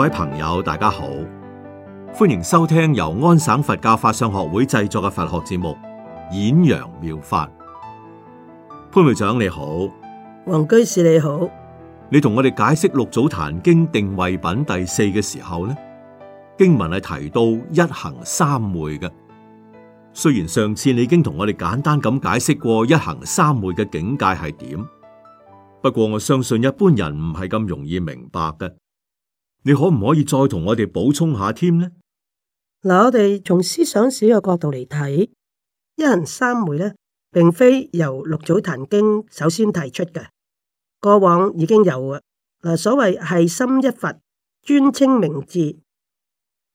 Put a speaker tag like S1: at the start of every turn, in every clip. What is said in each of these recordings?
S1: 各位朋友，大家好，歡迎收聽由安省佛教法相學會製作嘅佛學節目《演揚妙法》。潘會長你好，
S2: 黃居士你好，
S1: 你同我哋解釋《六祖壇經》定位品第四嘅時候呢，經文係提到一行三昧嘅。雖然上次你已經同我哋簡單咁解釋過一行三昧嘅境界係點，不過我相信一般人唔係咁容易明白嘅。你可唔可以再同我哋補充下
S2: 添呢？嗱，我哋從思想史嘅角度嚟睇，一行三昧咧，並非由六祖壇經首先提出嘅。過往已經有，嗱所謂係心一佛專稱名字，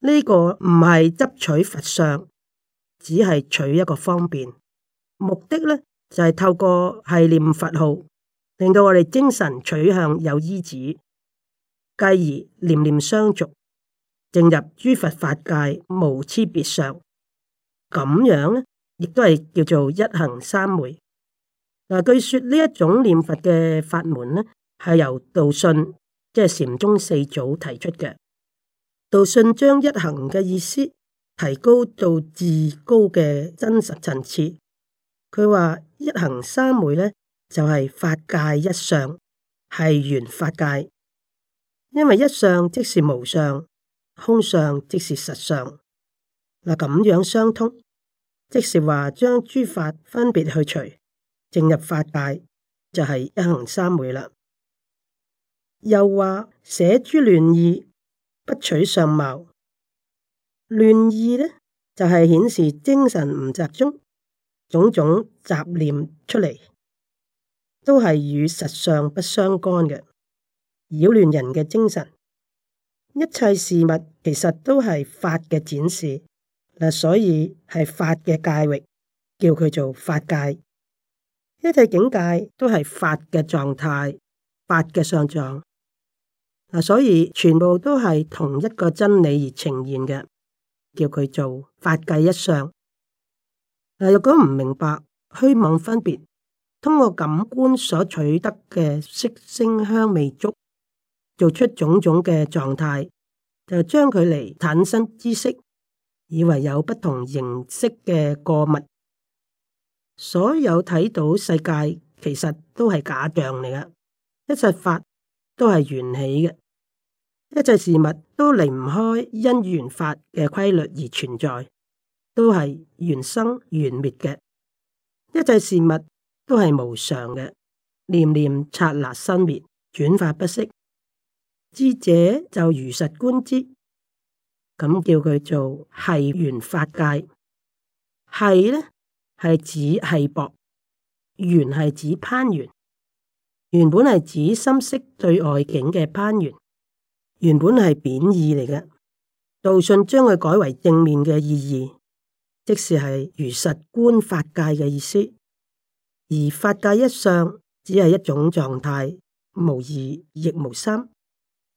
S2: 呢個唔係執取佛相，只係取一個方便，目的咧，就係、是、透過係念佛號，令到我哋精神取向有依止。繼而念念相續，正入諸佛法界無差別相。咁樣咧亦都係叫做一行三昧。嗱，據說呢一種念佛嘅法門咧，係由道信即係禪宗四祖提出嘅。道信將一行嘅意思提高到至高嘅真實層次，佢話一行三昧咧就係、是、法界一相，係原法界。因為一相即是無相，空相即是實相。嗱，咁樣相通，即是話將諸法分別去除，淨入法界，就係一行三昧啦。又話捨諸亂意，不取相貌。亂意呢，就係顯示精神唔集中，種種雜念出嚟，都係與實相不相干嘅。擾亂人嘅精神，一切事物其實都係法嘅展示嗱，所以係法嘅界域，叫佢做法界。一切境界都係法嘅狀態，法嘅相像。嗱，所以全部都係同一個真理而呈現嘅，叫佢做法界一相嗱。若果唔明白虛妄分別，通過感官所取得嘅色、聲、香、味、足。做出種種嘅狀態，就將佢嚟產生知識，以為有不同形式嘅個物。所有睇到世界，其實都係假象嚟㗎。一切法都係緣起嘅，一切事物都離唔開因緣法嘅規律而存在，都係緣生緣滅嘅。一切事物都係無常嘅，念念剎那生滅，轉化不息。知者就如實觀之，咁叫佢做繫緣法界。繫呢係指繫薄，原係指攀緣，原本係指心識對外境嘅攀緣，原本係貶義嚟嘅。道信將佢改為正面嘅意義，即是係如實觀法界嘅意思。而法界一相，只係一種狀態，無二亦無三。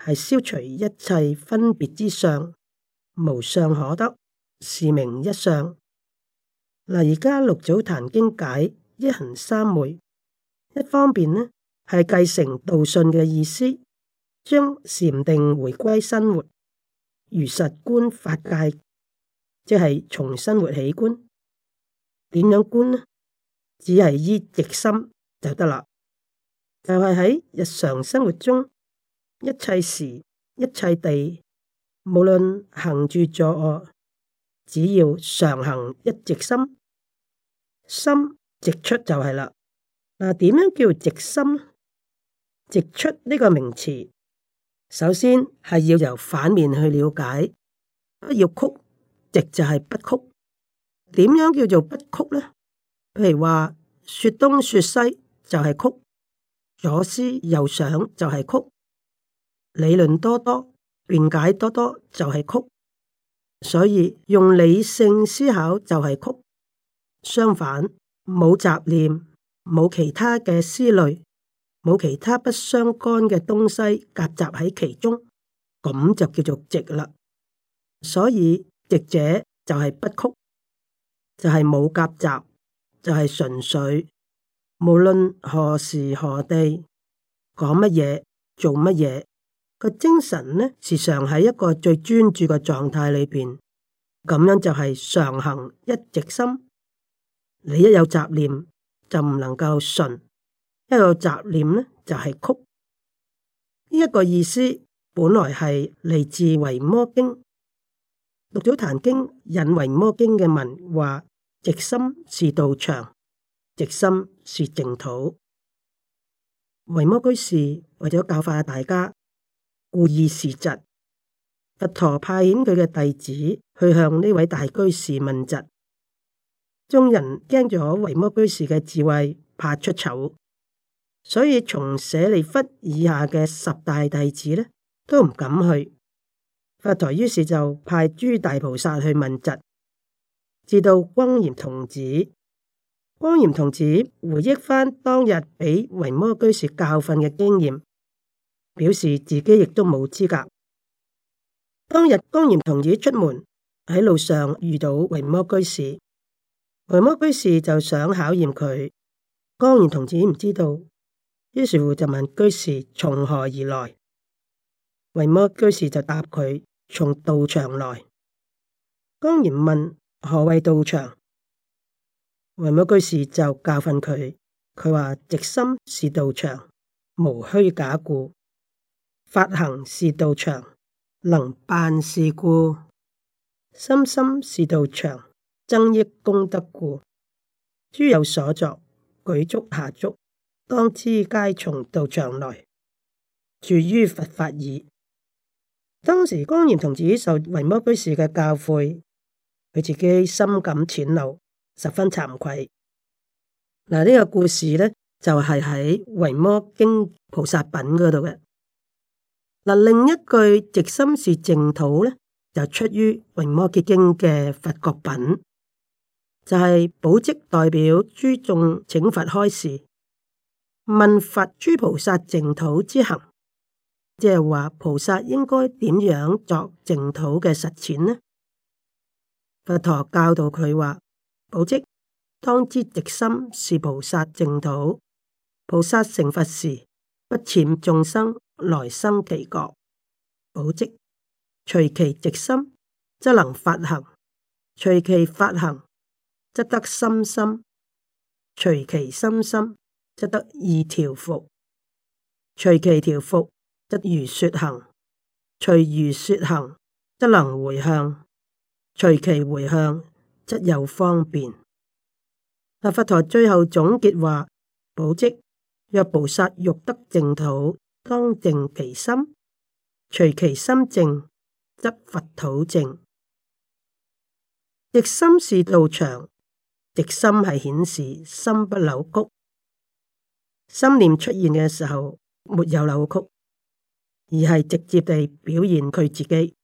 S2: 係消除一切分別之相，無相可得，是名一相。嗱，而家六祖壇經解一行三昧，一方面呢係繼承道信嘅意思，將禪定回歸生活，如實觀法界，即係從生活起觀。點樣觀呢？只係依直心就得啦。就係、是、喺日常生活中。一切時、一切地，無論行住坐臥，只要常行一直心，心直出就係啦。嗱，點樣叫直心直出呢個名詞？首先係要由反面去了解，不要曲，直就係不曲。點樣叫做不曲呢？譬如話說東說西就係曲，左思右想就係曲。理論多多辯解多多就係曲，所以用理性思考就係曲。相反，冇雜念，冇其他嘅思慮，冇其他不相干嘅東西夾雜喺其中，咁就叫做直啦。所以直者就係不曲，就係冇夾雜，就係純粹。無論何時何地，講乜嘢，做乜嘢。個精神呢，時常喺一個最專注嘅狀態裏邊，咁樣就係常行一直心。你一有雜念就唔能夠純，一有雜念呢，就係曲。呢、這、一個意思本來係嚟自《維摩經》，《六祖壇經》，引《維摩經》嘅文話：直心是道場，直心是淨土。維摩居士為咗教化大家。故意示疾，佛陀派遣佢嘅弟子去向呢位大居士問疾，眾人驚咗維摩居士嘅智慧，怕出醜，所以從舍利弗以下嘅十大弟子呢都唔敢去。佛陀於是就派諸大菩薩去問疾，至到光嚴童子，光嚴童子回憶翻當日俾維摩居士教訓嘅經驗。表示自己亦都冇資格。當日光嚴童子出門，喺路上遇到維摩居士，維摩居士就想考驗佢。光嚴童子唔知道，於是乎就問居士從何而來。維摩居士就答佢從道場來。光嚴問何謂道場，維摩居士就教訓佢：佢話直心是道場，無虛假故。法行是道場，能辦事故；心心是道場，增益功德故。諸有所作，舉足下足，當知皆從道場來，住於佛法耳。當時江炎童子受維摩居士嘅教誨，佢自己心感淺陋，十分慚愧。嗱、嗯，呢、這個故事呢，就係、是、喺《維摩經》菩薩品嗰度嘅。嗱，另一句直心是淨土呢，就出於《維摩詰經》嘅《佛國品》，就係寶積代表諸眾請佛開示，問佛諸菩薩淨土之行，即係話菩薩應該點樣作淨土嘅實踐呢？佛陀教導佢話：寶積當知，直心是菩薩淨土。菩薩成佛時，不諂眾生。來生其國，寶積隨其直心，則能發行；隨其發行，則得深心；隨其深心，則得意調伏；隨其調伏，則如說行；隨如說行，則能回向；隨其回向，則有方便。立佛陀最後總結話：寶積若菩薩欲得淨土，當淨其心，隨其心淨，則佛土淨。直心是道場，直心係顯示心不扭曲，心念出現嘅時候，沒有扭曲，而係直接地表現佢自己。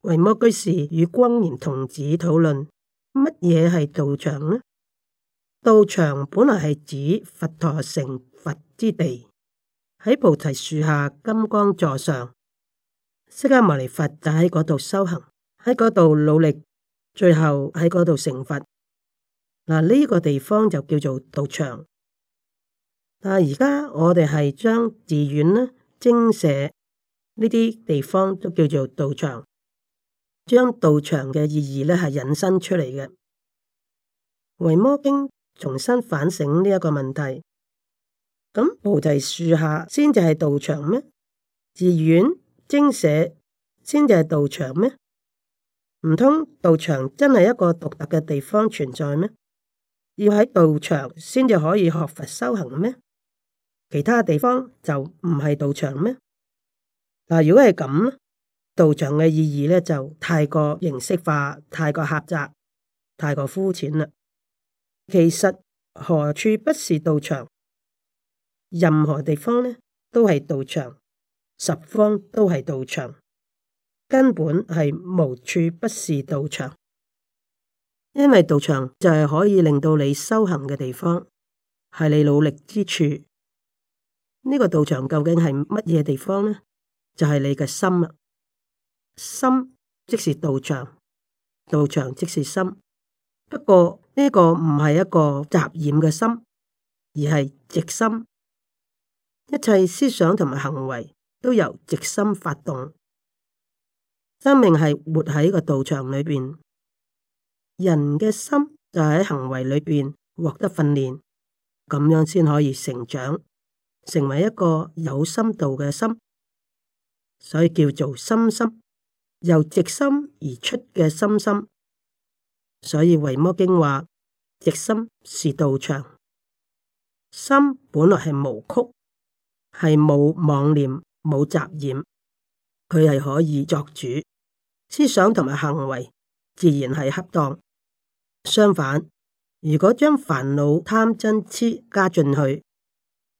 S2: 維摩居士與光年童子討論乜嘢係道場呢？道場本來係指佛陀成佛之地。喺菩提樹下金剛座上，釋迦牟尼佛就喺嗰度修行，喺嗰度努力，最後喺嗰度成佛。嗱，呢個地方就叫做道場。但係而家我哋係將寺院呢、精舍呢啲地方都叫做道場，將道場嘅意義咧係引申出嚟嘅。維摩經重新反省呢一個問題。咁菩提樹下先至係道場咩？寺院精舍先至係道場咩？唔通道場真係一個獨特嘅地方存在咩？要喺道場先至可以學佛修行咩？其他地方就唔係道場咩？嗱，如果係咁咧，道場嘅意義咧就太過形式化、太過狹窄、太過膚淺啦。其實何處不是道場？任何地方呢都係道場，十方都係道場，根本係無處不是道場。因為道場就係可以令到你修行嘅地方，係你努力之處。呢、這個道場究竟係乜嘢地方呢？就係、是、你嘅心啦。心即是道場，道場即是心。不過呢、這個唔係一個雜染嘅心，而係直心。一切思想同埋行為都由直心發動，生命係活喺個道場裏邊，人嘅心就喺行為裏邊獲得訓練，咁樣先可以成長，成為一個有深度嘅心，所以叫做心心，由直心而出嘅心心。所以維摩經話，直心是道場，心本來係無曲。係冇妄念、冇雜染，佢係可以作主，思想同埋行為自然係恰當。相反，如果將煩惱、貪嗔癡加進去，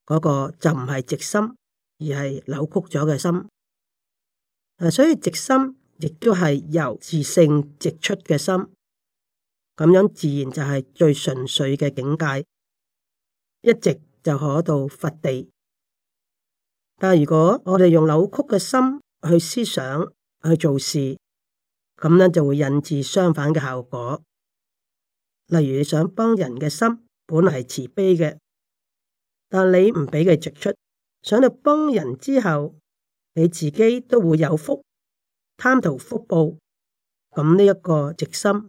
S2: 嗰個就唔係直心，而係扭曲咗嘅心。所以直心亦都係由自性直出嘅心，咁樣自然就係最純粹嘅境界，一直就可到佛地。但如果我哋用扭曲嘅心去思想、去做事，咁咧就會引致相反嘅效果。例如，你想幫人嘅心本嚟係慈悲嘅，但你唔俾佢直出，想到幫人之後，你自己都會有福，貪圖福報，咁呢一個直心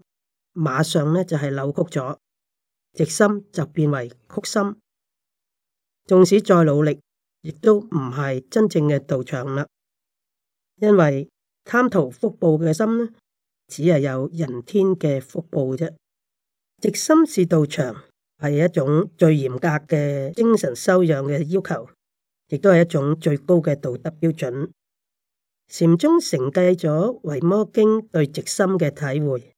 S2: 馬上咧就係扭曲咗，直心就變為曲心。縱使再努力，亦都唔係真正嘅道場啦，因為貪圖福報嘅心呢，只係有人天嘅福報啫。直心是道場，係一種最嚴格嘅精神修養嘅要求，亦都係一種最高嘅道德標準。禪宗承繼咗《維摩經》對直心嘅體會，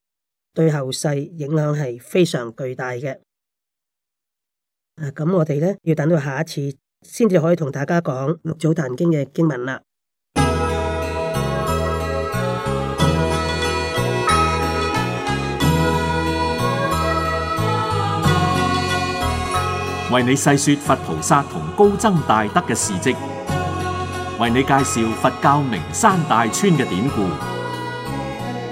S2: 對後世影響係非常巨大嘅。啊，咁我哋呢，要等到下一次。先至可以同大家講《六祖壇經》嘅經文啦。
S1: 為你細說佛菩薩同高僧大德嘅事迹，為你介紹佛教名山大川嘅典故，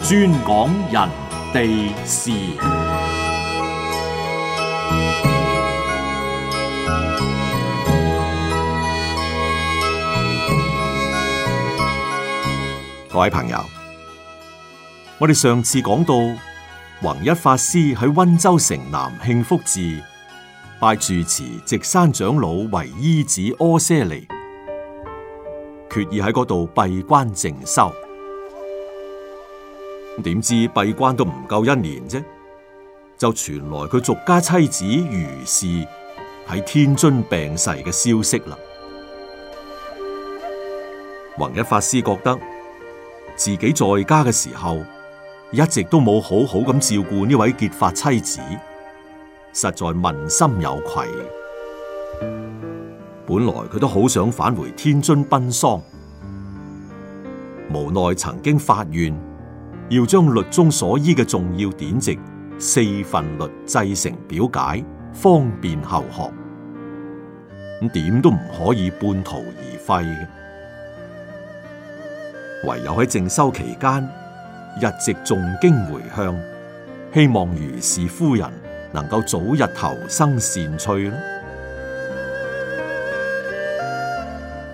S1: 專講人地事。各位朋友，我哋上次講到，弘一法師喺溫州城南慶福寺拜住持直山長老為依止阿闍黎，決意喺嗰度閉關靜修。點知閉關都唔夠一年啫，就傳來佢俗家妻子俞氏喺天津病逝嘅消息啦。弘一法師覺得，自己在家嘅時候，一直都冇好好咁照顧呢位結髮妻子，實在問心有愧。本來佢都好想返回天津奔喪，無奈曾經發願要將律宗所依嘅重要典籍《四分律》製成表解，方便後學，咁點都唔可以半途而廢嘅。唯有喺靜修期間，日夕誦經回向，希望俞氏夫人能夠早日投生善趣啦。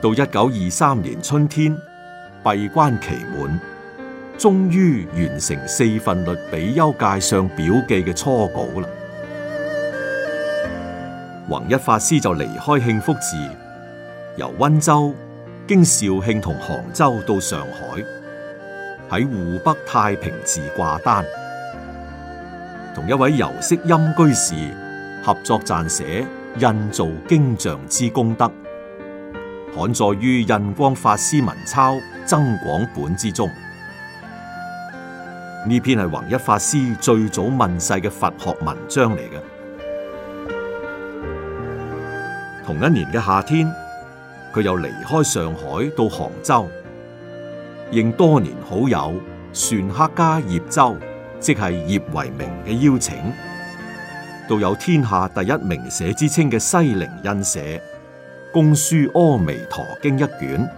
S1: 到一九二三年春天，閉關期滿，終於完成四分律比丘戒相表記嘅初稿啦。弘一法師就離開慶福寺，由溫州。經肇慶同杭州到上海，喺湖北太平寺掛單，同一位尤惜陰居士合作撰寫印造經像之功德，刊載於印光法師文鈔增廣本之中。呢篇係弘一法師最早問世嘅佛學文章嚟嘅。同一年嘅夏天。佢又離開上海到杭州，應多年好友篆刻家葉舟，即係葉為銘嘅邀請，到有天下第一名社之稱嘅西泠印社，恭書《阿彌陀經》一卷。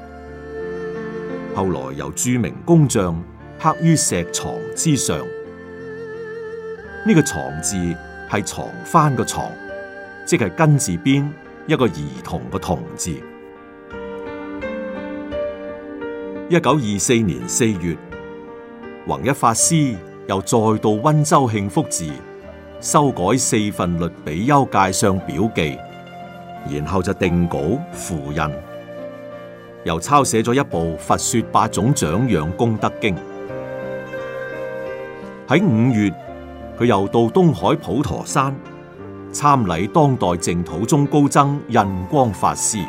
S1: 後來由著名工匠刻於石幢之上。呢、這個幢字係幢幡個幢，即係巾字邊一個兒童個童字。一九二四年四月，弘一法師又再度溫州慶福寺，修改四分律比丘戒相表記，然後就定稿付印，又抄寫咗一部《佛說八種長養功德經》。喺五月，佢又到東海普陀山參禮當代淨土宗高僧印光法師。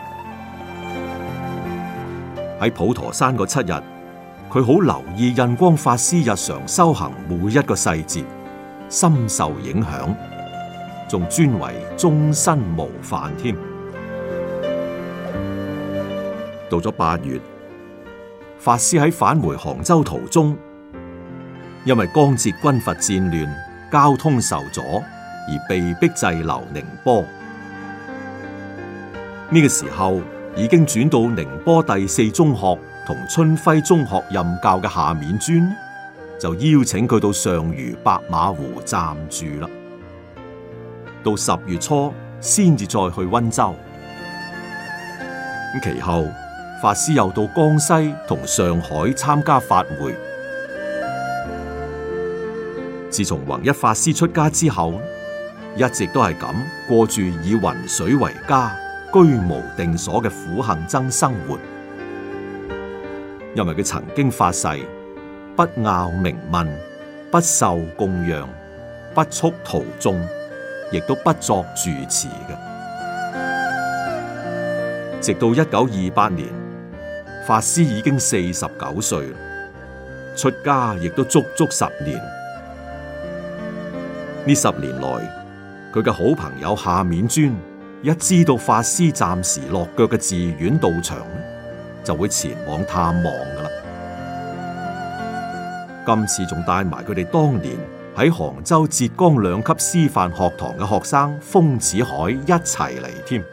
S1: 喺普陀山嗰七日，佢好留意印光法師日常修行每一個細節，深受影響，仲尊為終身模範添。到咗八月，法師喺返回杭州途中，因為江浙軍閥戰亂，交通受阻，而被迫滯留寧波。呢個時候。已經轉到寧波第四中學同春暉中學任教嘅夏丏尊，就邀請佢到上虞白馬湖暫住啦。到十月初先至再去溫州。咁其後，法師又到江西同上海參加法會。自從弘一法師出家之後，一直都係咁過住以雲水為家。居無定所嘅苦行僧生活，因為佢曾經發誓不傲名聞、不受供養、不速途眾，亦都不作住持嘅。直到一九二八年，法師已經四十九歲，出家亦都足足十年。呢十年來，佢嘅好朋友夏丏尊。一知道法師暫時落腳嘅寺院道場，就會前往探望噶啦。今次仲帶埋佢哋當年喺杭州浙江兩級師範學堂嘅學生豐子愷一齊嚟添。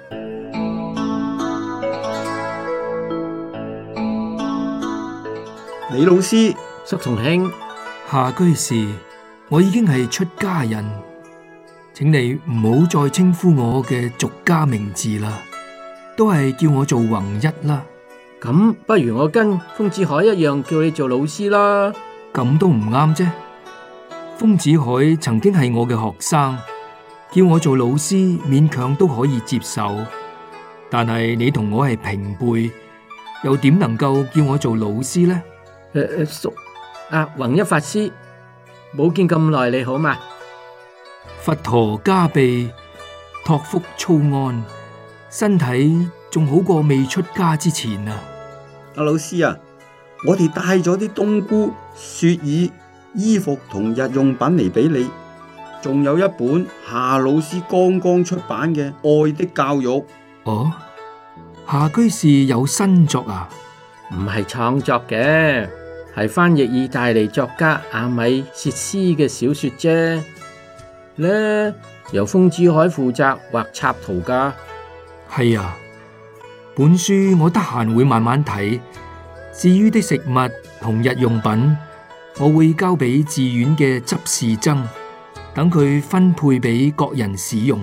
S3: 李老師，叔同兄。下居士，我已經係出家人。請你唔好再稱呼我嘅俗家名字啦，都係叫我做弘一啦。咁不如我跟豐子愷一樣叫你做老師啦。咁都唔啱啫。豐子愷曾經係我嘅學生，叫我做老師勉強都可以接受。但係你同我係平輩，又點能夠叫我做老師呢？誒誒，叔，阿弘一法師，冇見咁耐，你好嘛？佛陀加被，託福粗安，身體仲好過未出家之前啊！阿老
S4: 師啊，我哋帶咗啲冬菇、雪耳、衣服同日用品嚟俾你，仲有一本夏老師剛剛出版嘅《
S3: 愛的教育》。哦，夏居士有新作啊？唔係創作嘅，係翻譯意大利作家阿米切斯嘅小說啫。咧由豐子愷負責畫插圖噶，係啊。本書我得閒會慢慢睇。至於啲食物同日用品，我會交俾寺院嘅執事僧，等佢分配俾各人使用。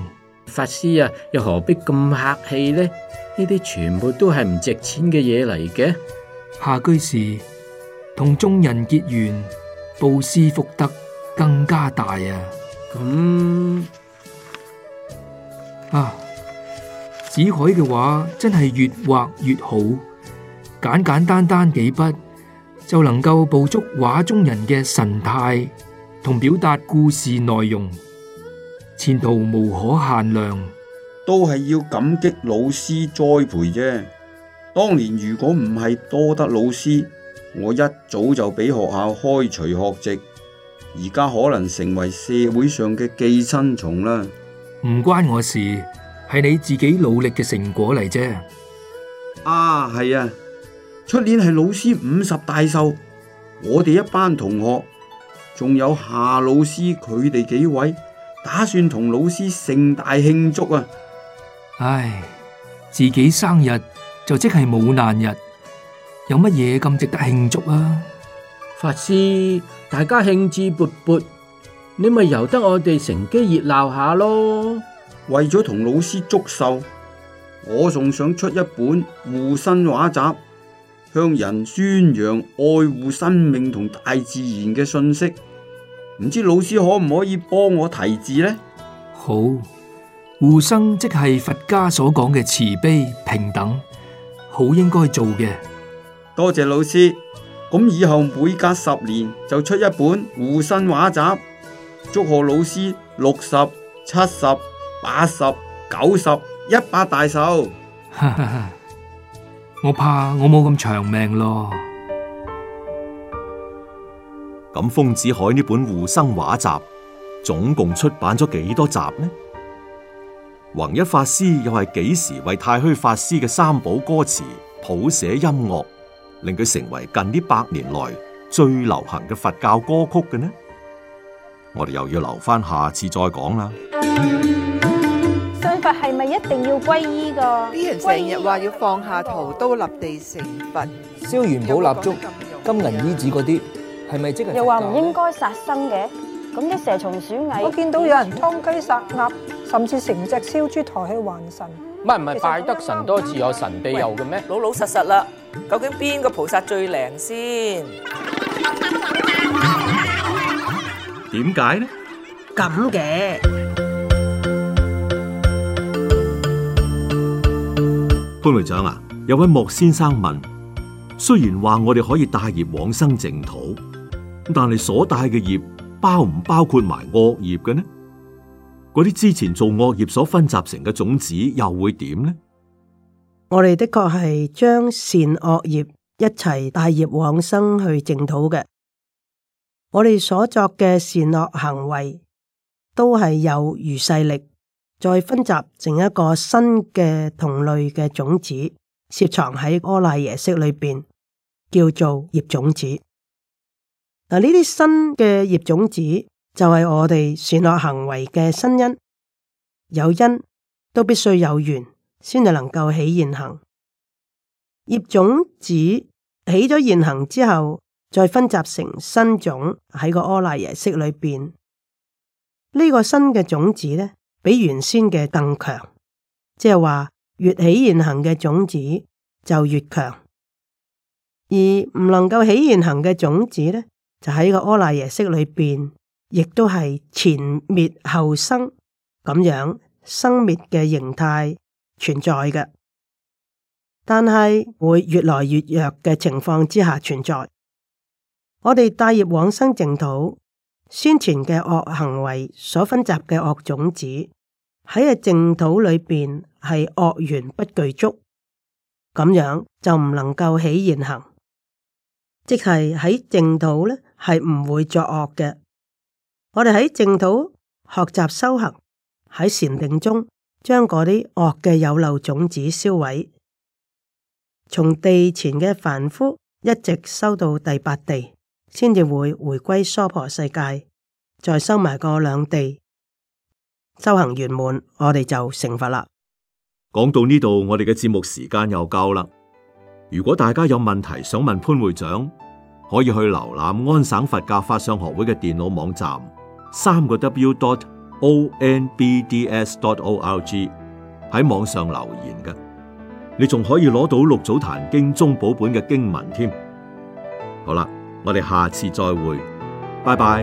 S3: 法師啊，又何必咁客氣呢？呢啲全部都係唔值錢嘅嘢嚟嘅。下居士同眾人結緣，布施福德更加大啊！咁、嗯、啊！子海嘅畫真係越畫越好，簡簡單單單幾筆就能夠捕捉畫中人嘅神態同表達故事內容，前途無可限量。
S4: 都係要感激老師栽培啫。當年如果唔係多得老師，我一早就俾學校開除學籍。而家可能成為社會上嘅寄生蟲啦，
S3: 唔關我事，係你自己努力嘅成果嚟啫。啊，係啊，出
S4: 年係老師五十大壽，我哋一班同學仲有夏老師佢哋幾位，打算同老師盛大慶祝啊。
S3: 唉，自己生日就即係母難日，有乜嘢咁值得慶祝啊？法師，大家興致勃勃，你咪由得我哋乘機熱鬧下咯。為咗同老師
S4: 祝壽，我仲想出一本護生畫集，向人宣揚愛護生命同大自然嘅信息。唔
S3: 知老師可唔可以幫我提字呢？好，護生即係佛家所講嘅慈悲平等，好應該做嘅。
S4: 多謝老師。咁以後每隔十年就出一本護生畫集，祝賀老師六十、七十、八十、九十、一百大壽。
S3: 我怕我冇咁長命
S1: 咯。咁豐子愷呢本護生畫集總共出版咗幾多集呢？弘一法師又係幾時為太虛法師嘅三寶歌詞譜寫音樂？令佢成為近呢百年來最流行嘅佛教歌曲嘅呢？我哋又要留翻下次再講啦。
S3: 信佛係咪一定要皈依噶？啲人成日話要放下屠刀立地成佛，燒元寶蠟燭、金銀衣紙嗰啲，係咪即係？又話唔
S2: 應該殺生嘅，咁啲蛇蟲鼠蟻，我見到有人殺雞殺鴨，甚至成隻燒豬抬去
S3: 還神。唔係唔係，拜得神多自有神庇佑嘅咩？老老實實啦。究竟邊個菩薩最靈先？
S1: 點解呢？
S2: 咁嘅
S1: 潘會長啊，有位莫先生問：雖然話我哋可以帶業往生淨土，但係所帶嘅業包唔包括埋惡業嘅呢？嗰啲之前做惡業所分集成嘅種子又會點呢？
S2: 我哋的確係將善惡業一齊帶業往生去淨土嘅。我哋所作嘅善惡行為，都係有如勢力，再分集成一個新嘅同類嘅種子，攝藏喺阿賴耶識裏邊，叫做業種子。嗱，呢啲新嘅業種子就係、是、我哋善惡行為嘅新因，有因都必須有緣，先至能夠起現行，葉種子起咗現行之後，再分集成新種喺個阿賴耶識裏邊。呢個新嘅種子咧，比原先嘅更強，即係話越起現行嘅種子就越強，而唔能夠起現行嘅種子咧，就喺個阿賴耶識裏邊，亦都係前滅後生咁樣生滅嘅形態。存在嘅，但係會越來越弱嘅情況之下存在。我哋帶業往生淨土，先前嘅惡行為所分集嘅惡種子喺嘅淨土裏邊係惡緣不具足，咁樣就唔能夠起現行，即係喺淨土咧，係唔會作惡嘅。我哋喺淨土學習修行，喺禪定中。將嗰啲惡嘅有漏種子銷毀，從地前嘅凡夫一直修到第八地，先至會回歸娑婆世界，再修埋個兩地，修行圓滿，我哋就成佛啦。
S1: 講到呢度，我哋嘅節目時間又夠啦。如果大家有問題想問潘會長，可以去瀏覽安省佛教法相學會嘅電腦網站，三個 W dot。O N B D S dot O R G，喺網上留言嘅，你仲可以攞到六祖壇經宗寶本嘅經文添。好啦，我哋下次再會，拜拜。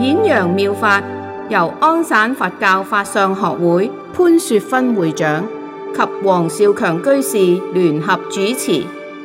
S3: 演揚妙法由安省佛教法相學會潘雪芬會長及黃少強居士聯合主持。